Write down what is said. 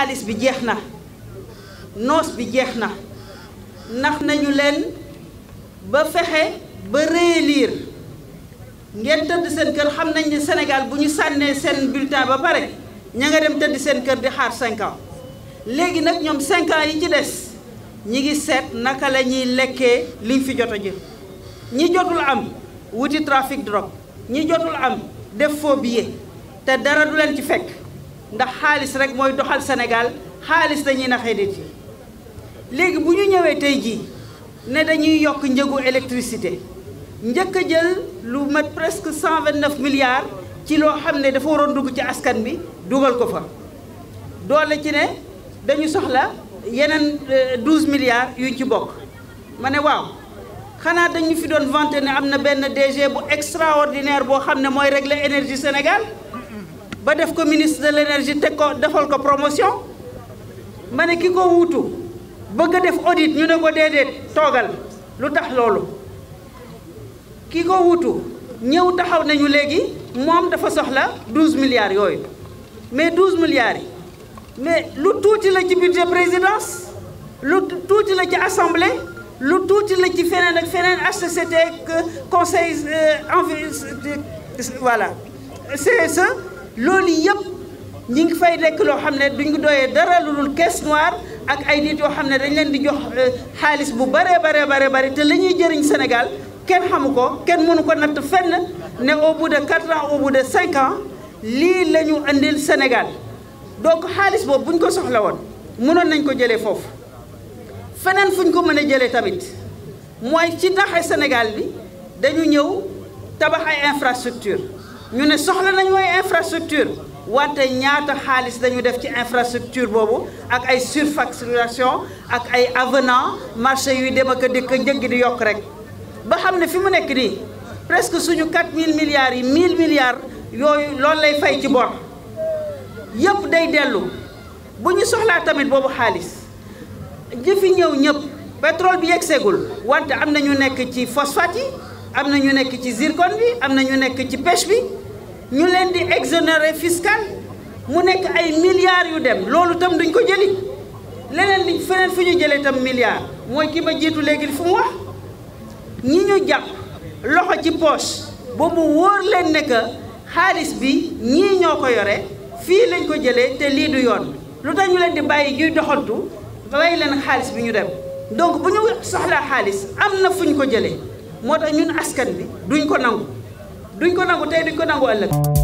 xaalis bi jeexna nos bi jeexna nax nañu len ba fexé ba réélire ngeen tedd seen kër xamnañ ni ne Sénégal bu ñu seen bulletin ba paré ña nga dem tedd seen kër di xaar 5 ans légui nak ñom 5 ans yi ci dess ñi ngi sét naka lañuy ñuy lekkee liñ fi jot jël ñi jotul am wuti trafic drogue ñi jotul am def faux billet té dara du len ci fekk. ndax xaalis rek mooy doxal Sénégal xaalis dañuy naxee nit yi léegi bu ñu ñëwee tey jii ne dañuy yokk njëgu électricité njëkk a jël lu mat presque cent vingt neuf milliards ci loo xam ne dafa waroon dugg ci askan bi dugal ko fa doole ci ne dañu soxla yeneen euh, douze milliards yu ci bokk ma ne waaw xanaa dañu fi doon vanté ne am na benn DG bu extraordinaire boo xam ne mooy régler énergie Sénégal ba def ministre de l'énergie te ko defal ko promotion mané ne ki ko bëgg def audit ñu ne ko dédé togal lu tax lolu ki ko taxaw nañu dafa soxla 12 milliards mais 12 milliards mais lu touti la ci budget présidence lu touti la ci assemblée lu touti la ci fenen ak e conseil euh, euh, voilà ça loolu yëpp ñi ngi fay rekk loo xam ne duñ doyee dara lu dul caisse noire ak ay nit yoo xam ne dañ leen di jox euh, xaalis bu bare bare bare bare te la ñuy jëriñ Sénégal kenn xamu ko kenn mënu ko natt fenn ne au bu de 4 ans au bu de 5 ans lii la ñu andil Sénégal donc xaalis boobu buñ ko soxla woon mënoon nañ ko jëlee foofu feneen fuñ ko mënee a tamit mooy ci tax naxe Sénégal bi dañu ñëw tabax ay infrastructure ñu ne soxla nañu ay infrastructure wante ñaata xaalis lañu def ci infrastructure boobu ak ay surfacturation ak ay avenant marché yuy dem ak a dikk njëg gi di yokk rek ba xam ne fi mu nekk nii presque suñu 4000 milliards yi 1000 milliards yooyu loolu lay fay ci bor yëpp day dellu bu ñu soxlaa tamit boobu xaalis ñi fi ñëw ñëpp pétrole bi yegseegul wante am na ñu nekk ci phosphate yi am na ñu nekk ci zircon bi am na ñu nekk ci pêche bi ñu leen di exonérer fiscal mu nekk ay milliards yu dem loolu tam duñ ko jëli leneen li feneen fu ñu jëlee tam milliards mooy ki ma jiitu léegi fu mu wax ñi ñu jàpp loxo ci poche boobu wóor leen ne que xaalis bi ñii ñoo ko yore fii lañ ko jëlee te lii du yoon lu tax ñu leen di bàyyi ñuy doxantu lay leen xaalis bi ñu dem donc bu ñu soxlaa xaalis am na fu ñu ko jële moo tax ñun askan bi duñ ko nangu. duñ ko nangu tey duñ ko nangu ëllëg